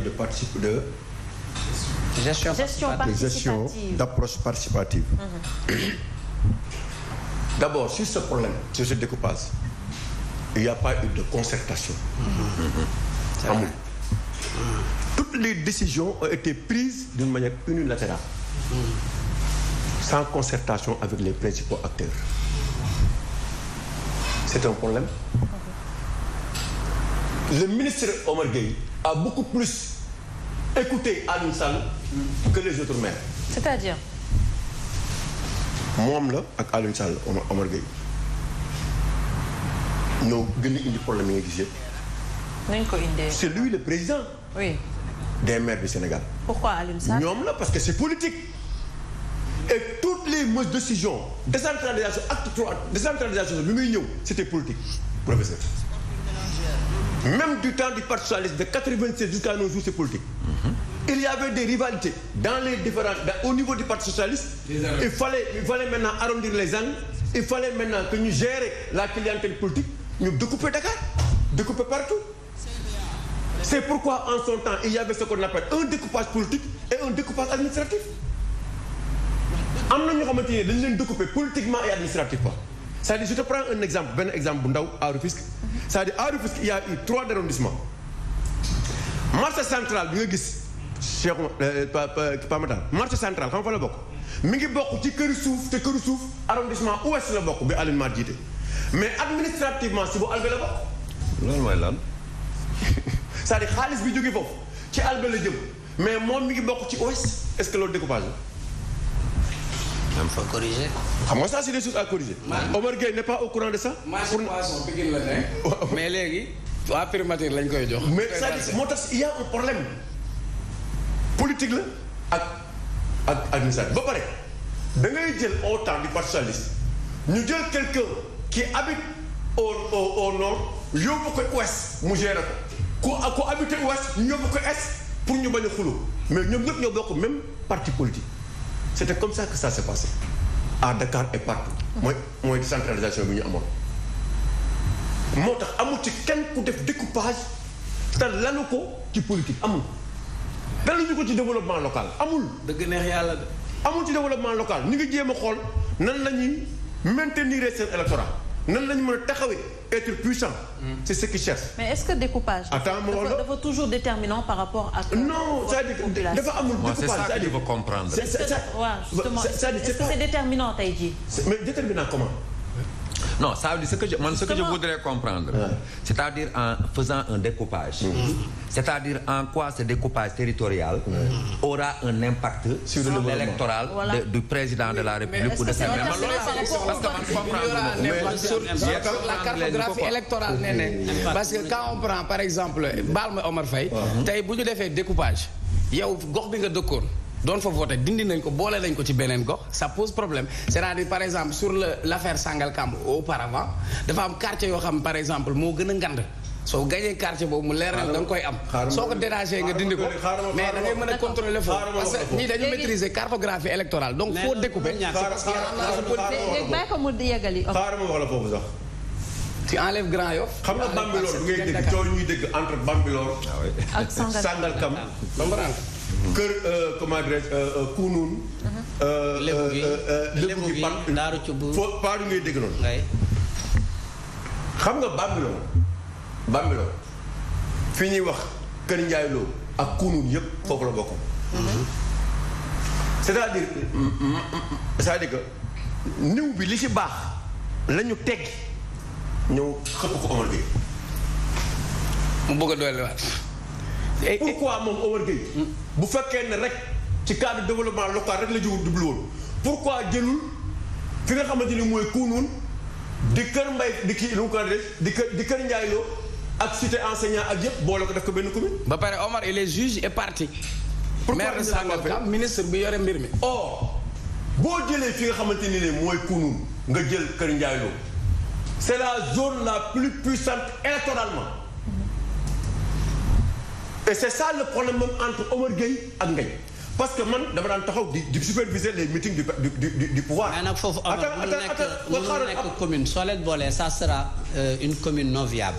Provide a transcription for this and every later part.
de participe de. gestion participative gestion d'approche participative. Mhm. d'abord sur ce problème il n'y a pas eu de concertation. Mhm. amul. toutes les décisions ont été prises d'une manière unilatérale. Mhm. sans concertation avec les principaux acteurs. c'est un problème. le ministre Omar Gueye a beaucoup plus écouté Aliou Sall que les autres maires. c'est-à-dire. moom la ak Aliou Sall Omar gën indi problème yi nga gis yëpp. nañ ko indee. lui le président. oui. des maires du Sénégal. pourquoi Aliou Sall ñoom la parce que c'est politique. et toutes les mesures décisions décentralisation acte trois décentralisation bi muy ñëw c'était politique professeur. même du temps du Parti socialiste de 96 jusqu'à nos jours c'est politique. Mhm. il y avait des rivalités dans les différents au niveau du Parti socialiste. il fallait il fallait maintenant arrondir les angles il fallait maintenant que ñu gérer la clientèle politique ñu découper Dakar découper partout. c'est pourquoi en son temps il y avait ce qu'on un découpage politique et un découpage administratif am na ñoo xamante ne dañu leen découper politiquement et administrativement. c'est-à-dire te prends un exemple benn exemple bu ndaw à Rufisque c'est-à-dire à Rufisque il y trois arrondissements marché central bi nga gis Cheikh euh, Pamatal marché central xam fa la bokk mi ngi bokk ci këri suuf te këri suuf arrondissement ouest la bokk bi Alioune Mar jiite mais administrativement si bu Albé la bokk. loolu mooy lan. cest à xaalis bi jógee foofu ci Albé la jëm mais moom mi ngi bokk ci ouest est-ce que loolu ñoom faut corriger. xam nga ça c'est des choses à corriger. Omar Gueye n'est pas au courant de ça. marché léegi. waa primature lañ koy jox. mais c'est-à-dire moo tax il a un problème politique la ak ak administratif ba pare da ngay jël au temps du parti ñu jël quelqu'un qui habite au au au nord yóbbu ko ouest mu gérer ko ku ku habité ouest ñu yóbbu ko est pour ñu bañ a xuloo mais ñoom ñëpp ñoo bokk même parti politique. c'était comme ça que ça s'est passé à Dakar et partout. mooy mooy décentralisation bi ñu amoon. moo tax amul ci kenn ku def découpage te lanu ko ci politique amul. daluñu ko ci développement local amul. dëgg neex yàlla de. amul ci développement local ñu ngi jéem a xool nan la ñuy maintenir seen électorat. nan lañu mën a taxawee être puissant. Mm. c' est ce qu'ils cherchent. mais est ce que découpage. attends ma wala dafa toujours déterminant par rapport ak. non c'est-à-dire dafa amul découpage c'est-à-dire. comprendre. c'est-à-dire c'est déterminant tey jii. mais déterminant comment. non ça veut dire ce que je comprendre. c'est-à-dire en faisant un découpage. Mm-hmm. c'est-à-dire en quoi ce découpage territorial. Mm-hmm. aura un impact. sur l'électoral président de la République ou parce que man prend par exemple Balma Omar Faye. Mm-hmm. tey bu ñu defee découpage yow gox bi nga dëkkoon. doon fa voté dindi nañ ko boole nañ ko ci beneen gox ça pose problème c'est-à-dire par exemple sur le l'affaire Sangalkam auparavant dafa am quartier yoo xam par exemple moo gën a ngand soo gañee quartier boobu mu leer na da nga koy am soo ko déranger nga dindi ko mais da ngay mën a contrôler foofu parce que ñii dañu maîtriser cartographie électorale donc foo la foofu sax ci enlève Grand Yoff xam nga Bambilor bu ngay dégg coow ñuy dégg entre Bambilor ah ak Sangalkam kër euh, comment dirais je euh, euh, Kounoun. Uh-huh. lébu gi lébu gi Daaru Cubb foo Paaru ngay dégg noonu. xam nga Bambilor Bambilor fi ñuy wax Kër Ndiaye Lo ak Kounoun yëpp foofu la bokk. Uh-huh. c'est-à-dire cest niw bi li ci baax la ñu teggi ñëw xëpp ko amal bi mu bëgg a dolliwaat. Eh, eh. pourquoi moom Omar Gueye bu fekkee ne rek ci cadre développement local rek la jiw dublu woon pourquoi jëlul fi nga xamante ni mooy kuunuun di kër mbay di kii lu ko di kër di kër njaayloo ak cité enseignant ak yëpp boole ko def ko benn commune. ba pare Omar il est juge et parti. maire de Sangalkam ministre bi yore mbir mi. or boo jëlee fi nga xamante ni ne mooy kuunuun nga jël kër njaayloo c'est la zone la plus puissante électoralement. te c' problème entre Omar Gueye ak Ngagne parce que man dama daan taxaw di di superviser les meetings du du pouvoir. mais nag foofu Omar nekk bu nekk ah. commune soo leen boolee ça sera euh, une commune non viable.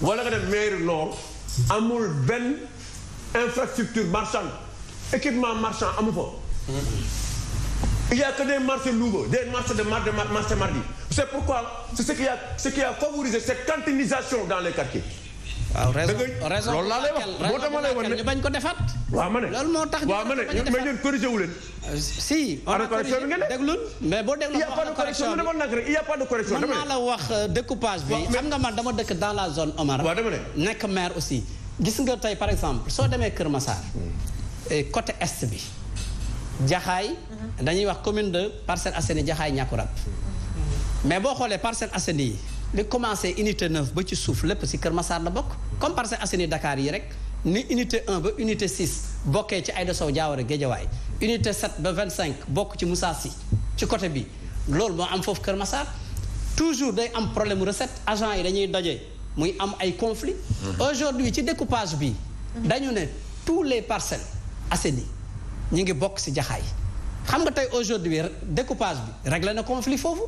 wala nga dem mairie lool amul benn infrastructure marchande équipement marchand amu fa. il y a que des marchés Louga des marchés de mardi marché mardi c'est pourquoi c'est ce qui a ce qui a favorisé cette cantinisation dans les quartiers. waaw raison laa lay wax moo tax ma lay wan ne bañ ko defaat. waaw ma ne loolu moo tax waaw ma ne mais ñun corrigé wu leen. Euh, si on a corrigé déglul mais a pas de a pas man la wax euh, découpage bi xam nga man dama dëkk dans la zone Omar. waaw dama ne nekk maire aussi. gis nga tey par exemple soo demee Kër Massar. Hmm. côté est bi. Jaxaay. Hmm. dañuy wax commune de Parcelles Assainies Jaxaay Ñàkkurab. Hmm. mais boo xoolee Parcelles Assainies yi. li commencé unité 9 ba ci suuf lépp si Kër Massar la bokk comme parce que Dakar yi rek ni unité 1 ba unité 6 bokkee ci Aïda Sow Diawara Guédiawaay unité 7 ba cinq bokk ci Moussa Sy ci côté bi loolu moo am foofu Kër Massar toujours day am problème recette agent yi dañuy daje muy am ay conflit mhm. aujourd'hui ci découpage bi dañu ne tous les parcelles assainies ñi ngi bokk si jaxaay xam nga tey aujourd'hui découpage bi réglé na conflit foofu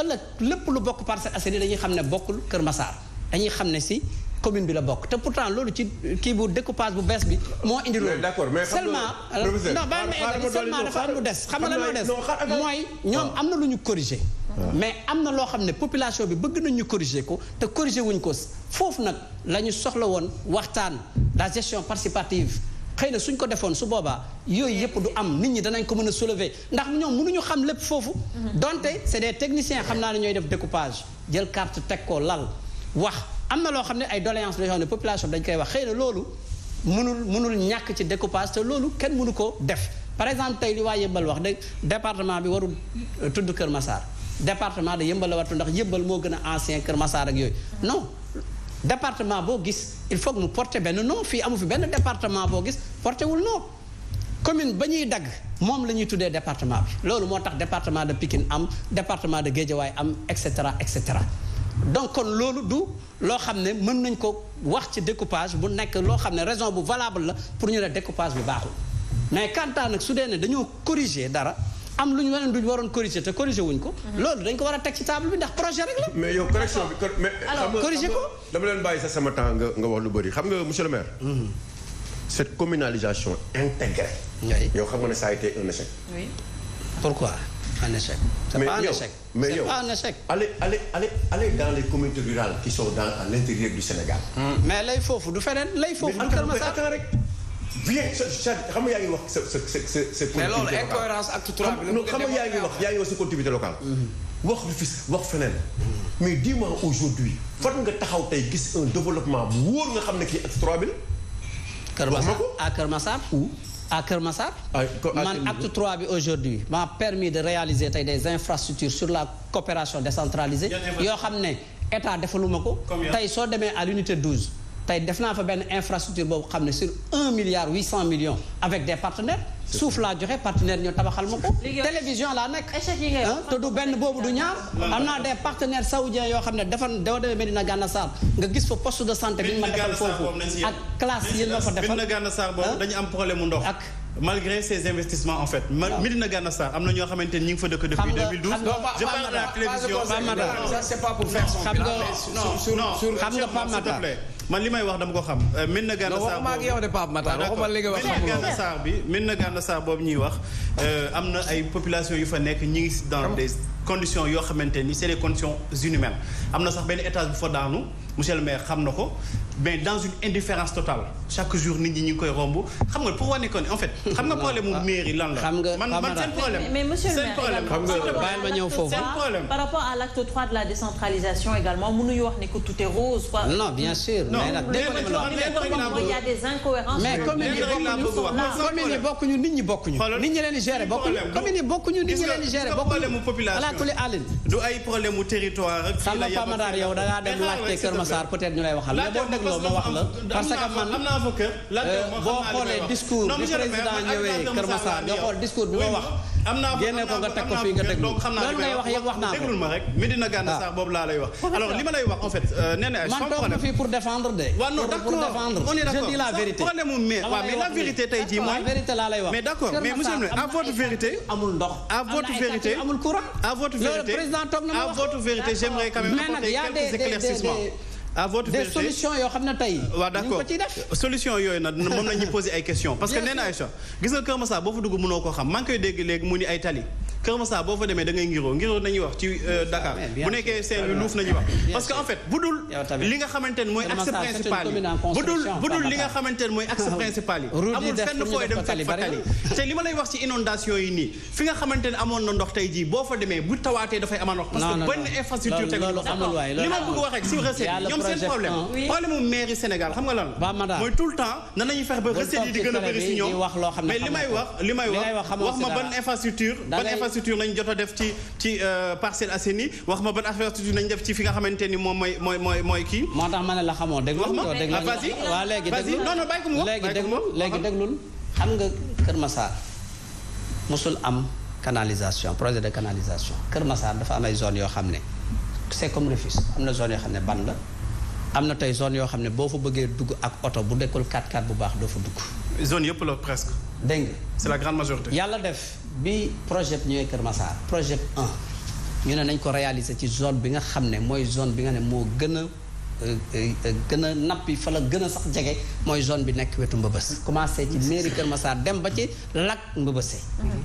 ëllëg lépp lu bokk parce Parcelles Assainies dañuy xam ne bokkul Kër Massar dañuy xam ne si commune bi la bokk te pourtant loolu ci kii bu découpage bu bees bi moo indi loolu. d'accord mais seulement non bàyyi ma eggali seulement dafa am lu des xam nga lan des mooy ñoom ah. am na lu ñu corriger ah. mais am na loo xam ne population bi bëgg nañ ñu corriger ko te corriger wuñ ko foofu nag la ñu soxla woon waxtaan la gestion participative xëy na suñ ko defoon su boobaa yooyu yëpp du am nit ñi danañ ko mën a solover ndax ñoom ñu xam lépp foofu. Mhm. donte c'est des techniciens xam naa ne ñooy def découpage jël carte teg ko lal wax am na loo xam ne ay doléances la yoo ne population dañ koy wax xëy na loolu munul munul ñàkk ci décopage te loolu kenn mënu ko def. par exemple tey li waa yëmbal wax de département bi warul euh, tudd Kër Massar département de yëmbal la wartu ndax yëmbal moo gën a ancien Kër Massar yooyu non. département boo gis il faut que mu porter benn nom fii amu fi benn département boo gis porté wul nom commune ba ñuy dagg moom la ñuy tuddee département bi loolu moo tax département de Pikine am département de Guédiawaye am et cetera et cetera donc kon loolu du loo xam ne mën nañ ko wax ci découpage bu nekk loo xam ne raison bu valable la pour ñu ne découpage bi baaxul mais quant nag su dee ne dañoo corriger dara am lu ñu waneen waroon corriger te corriger wuñ ko mhm. loolu dañ ko war a teg ci table bi ndax projet rek la mais yow correction ko dama leen bàyyi sa sama temps nga nga wax lu bëri xam nga monsieur le maire mhm. cette communalisation intégrée yow xam nga ne ça a été un échec oui pourquoi un échec c'est pas un échec mais yow allez allez allez allez dans les communautés rurales qui sont dans à l'intérieur du Sénégal hmm. mais lay foofu du feneen lay foofu du Kër Massar rek bien sa xam nga yaa ngi wax sa sa sa sa. mais loolu incohérence acte trois bi la nga wax yaa ngi wax sa continuité locale. Mhm. wax Rufis taxaw tey gis un bu wóor xam ne kii acte trois bi la. Kër Masar à Kër Masar où à Kër Masar. man acte 3 bi aujourd'hui m'a permis de réaliser tey des infrastructures sur la coopération décentralisée. yoo xam ne état defaluma ko. tey soo demee à l'unité 12. tey def naa fa benn infrastructure boobu xam ne sur un milliard huit cent millions avec des partenaires suuf laa joxe partenaire ñoo tabaxal ma ko télévision laa nekk te du benn boobu du ñaar am naa des partenaires saoudiens yoo xam ne defar doo demee Medina Gana Sarr nga gis fa post de santé bi ñu ma defal foofu ak classe yi ma fa defal am problème mu ndox ak malgré ces investissements en fait. waaw Medina Gana Sarr am na ñoo xamante ni ñu ngi fa dëkk depuis 2012. xam nga de la télévision. Pamata ça c'est pas pour faire son bilan. non non xam nga Pamata. man li may wax dama ko xam. Euh, Médina na Sarr waxuma ak yow de Pape Matar waxuma li nga wax Médina boobu ñuy wax euh, am na ay population yu fa nekk ñi ngi dans des conditions yoo xamante ni c'est des conditions inhumaines am na sax benn étage bu fa daanu. monsieur le maire xam na ko mais dans une indifférence totale chaque jour nit ñi ñu ngi koy romb xam nga pour wane ko ne en fait. xam nga problème mu ah, mairie lan la. xam nga man man seen problème. mais monsieur le maire xam nga bàyyil ma ñëw foofu seen problème par rapport à l' acte 3 de la décentralisation également mënuñu wax ne que tout est rose quoi. non bien sûr. mais nag déggoo la il y a des incohérences. mais communes yi bokkuñu nit ñi bokkuñu. nit ñi leen di gérer bokkuñu. communes yi bokkuñu nit ñi leen di gérer bokkuñu. voilà ku li àllin. du ay problème mu territoire. fii la yow da ngaa dem laajte kër ma Massar peut-être ñu lay waxal. mais boo dégloo ma wax la parce que man euh, boo xoolee discours bi président ñëwee Kër Massar nga xool discours bi ma wax. am naa ko génne ko nga teg ko fii nga déglu loolu ngay wax yëpp wax naa ko déglul ma rek Medina Gana ah. Sarr boobu laa lay wax. alors li ma lay wax en fait. Euh, nee na man toog na fii pour défendre de. waaw non d'accord on est d'accord je dis la vérité. problème mu mais waaw mais la vérité tey jii mooy. vérité laa lay wax mais d'accord mais monsieur le à votre vérité. amul ndox à votre vérité amul courant. à votre vérité loolu président toog na ma wax à votre vérité j'aimerais quand même apporter quelques éclaircissements à votre des solutions yoo xam ne tey. Euh, waaw d'accord ko ciy def solution yooyu nag moom la ñuy poser ay questions. parce que nee naa Aïcha gis nga Kër Massar boo fa dugg mënoo koo xam maa koy dégg léegi mu ni ay tali. Kër Massar boo fa demee da ngay ngiroo ngiroo wax ci euh, Dakar bu nekkee seen luuf nañuy wax parce que en fait bu dul li nga xamante mooy axe principal yi amul fenn fooy dem fekk fa te li ma lay wax ci inondation yi nii fi nga xamante amoon na ndox tey jii boo fa demee bu tawaatee dafay amaan wax parce que benn infrastructure teg li ma bëgg wax rek si recette ñoom seen problème e problème mu mairie Sénégal xam nga lan mooy tout le temps infrastructure lañ jot a def ci ci euh, Parcelles Assainies wax ma ba ban infrastructure lañ def ci fi nga xamante ni moom mooy mooy mooy mooy kii. moo tax ma ne la xamoo déglu. wax ma ah, vas-y waaw léegi déglu non non bàyyi ko mu wax léegi déglu léegi déglul xam nga Kër Massar mosul am canalisation projet de canalisation Kër dafa am ay zones yoo xam ne c'est comme Rufisque am na zone yoo xam ne ban la am na tey zone yoo xam ne boo fa bëggee dugg ak oto bu dekkul 4 x bu baax doo fa dugg. zone yëpp la presque. dégg nga c'est la grande majorité. yàlla def bi projet ñëwee Kër Massar projet 1 ñu ne nañ ko réaliser ci zone bi nga xam ne mooy zone bi nga ne moo gën a euh, euh, euh, gën a nappi fa la gën a sax jege mooy zone bi nekk wetu Mbëbës. commencé ci mairie Kër Massar dem ba ci lac Mbëbëse.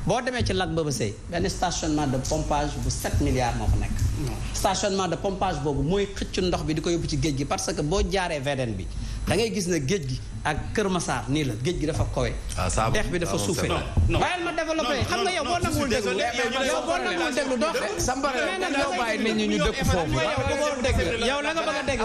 boo demee ci lac Mbëbëse benn stationnement de pompage bu 7 milliards moo fa nekk. stationnement de pompage boobu mooy xëccu ndox bi di ko yóbbu ci géej gi parce que boo jaaree VDN bi. da ngay gis ne géej gi ak Kër Massar nii la géej gi dafa kowe ah, dex bi dafa ah, suufe bàyyil ma développé xam nga yow boo nanguwul déglu yow boo nanguwul déglu doo mais nag doo bàyyi nit ñi ñu dëkk foofu yow la nga bëgg a dégg yow la nga bëgg a dégg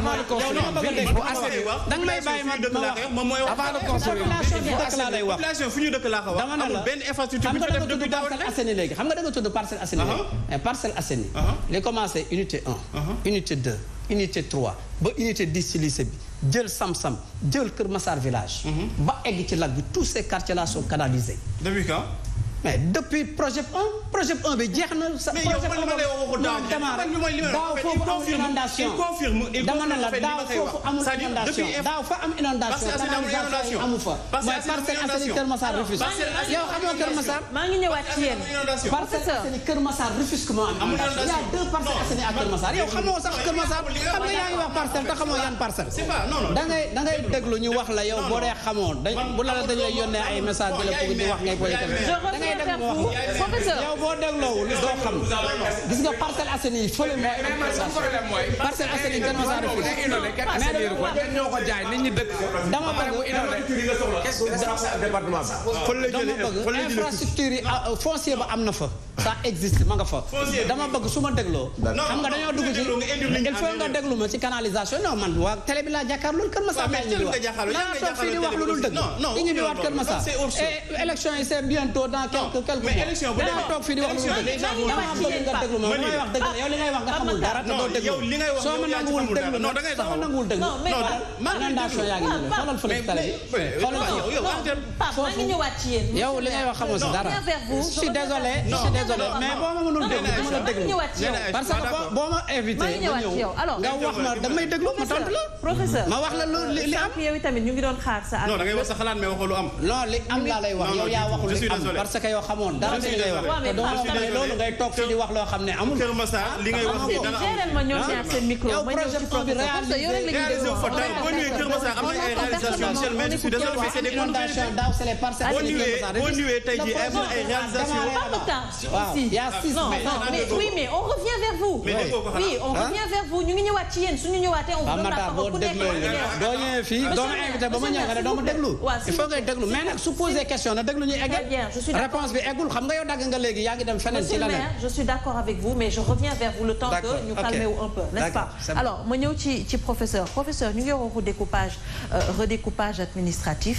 da nga may bàyyi ma ma wax avant de dëkk laa lay wax dama ne la xam nga da tudd Parcelles Assainies léegi xam nga da tudd Parcelles Assainies uh-huh. uh-huh. li commencé unité 1 uh-huh. unité 2 unité 3 ba unité 10 ci lycée bi jël Samsam jël Kër Massar village. Mhm. ba egg ci lag bi tous ces quartiers là sont canalisés. depuis quand. mais depuis projet 1 projet 1 bi jeex na. sa projet 1 moom daaw foofu amul inondation dama ne la daaw foofu amul inondation daaw fa am inondation canalisation amu fa. mooy Parcelles Assainies Kër Massar Rufisque. yow xamoo Kër Massar. maa ngi ñëwaat ci yéen. Parcelles Assainies Kër Massar Rufisque moo am inondation. y a deux Parcelles Assainies ak Kër Massar yow xamoo sax Kër Massar xam nga yaa ngi wax parcelle te xamoo yan parcelle. da ngay da ngay déglu ñu wax la yow boo dee xamoo dañ bu la dañ lay yónnee ay message di la pour di wax ngay koy professeur yow boo dégloo li nga xam gis nga Parcelles Assainies fële mooy problème mooy Parcelles Assainies kenn ma saa def mais ñoo ko jaay nit ñi dëkk dama bëgg dama bëgg infrastructure yi ah, foncier ba am na fa ça existe ma nga fa. dama bëgg su ma dégloo. xam nga dañoo dugg ci il faut nga déglu ma ci canalisation non man waa télé bi laa jàkkaarloo Kër Massar. waaw mais nga jàkkaarloo naa toog fii di wax lu dul dëgg. non non ñu waat Kër Massar. et eh, élection yi c'est bientôt dans quelques quelques mois. mais élection bu demee toog fii di wax lu dul dëgg. dama bëgg nga déglu ma may wax dëgg la yow li ngay wax nga ah, xamul dara te doo déglu. soo ma nanguwul déglu nag soo ma nanguwul déglu. inondation yaa ngi nii xoolal fële télé bi xoolal yow li ngay wax xamul si dara. je suis désolé désolé mais boo ma mënul déglu ma la déglu wax ma damay déglu ma ma wax la lu li am yow tamit ñu ngi doon xaar sa non da ngay wax sa xalaat mais waxoo lu am. non li am laa lay wax yow yaa waxul li am parce que yow xamoon dara li ngay wax te loolu ngay toog fii di wax loo xam ne amul. Kër Massar ah. li ngay wax nii dara amul. ma ñëw seen micro ma ñëw ci ah. professeur parce que yow rek la ñuy déglu waaw réalisation daaw c'est les parcelles. boo ñëwee tey jii am na ay aussi non non mais oui mais on revient vers vous. oui on revient vers vous ñu ngi ñëwaat ci yéen suñu ñëwaatee on vous donne la parole ku nekk doo ñëwee fii doo ma invité ba ma ñëw nga ne doo ma déglu il faut ngay déglu mais nag su question na déglu ñu eggal réponse bi nga yow dagg nga léegi yaa ngi dem feneen ci la ne je suis d'accord avec vous mais je reviens vers vous le temps que ñu calmer un peu n'est-ce pas alors ma ñëw professeur professeur ñu ngi euh, redécoupage administratif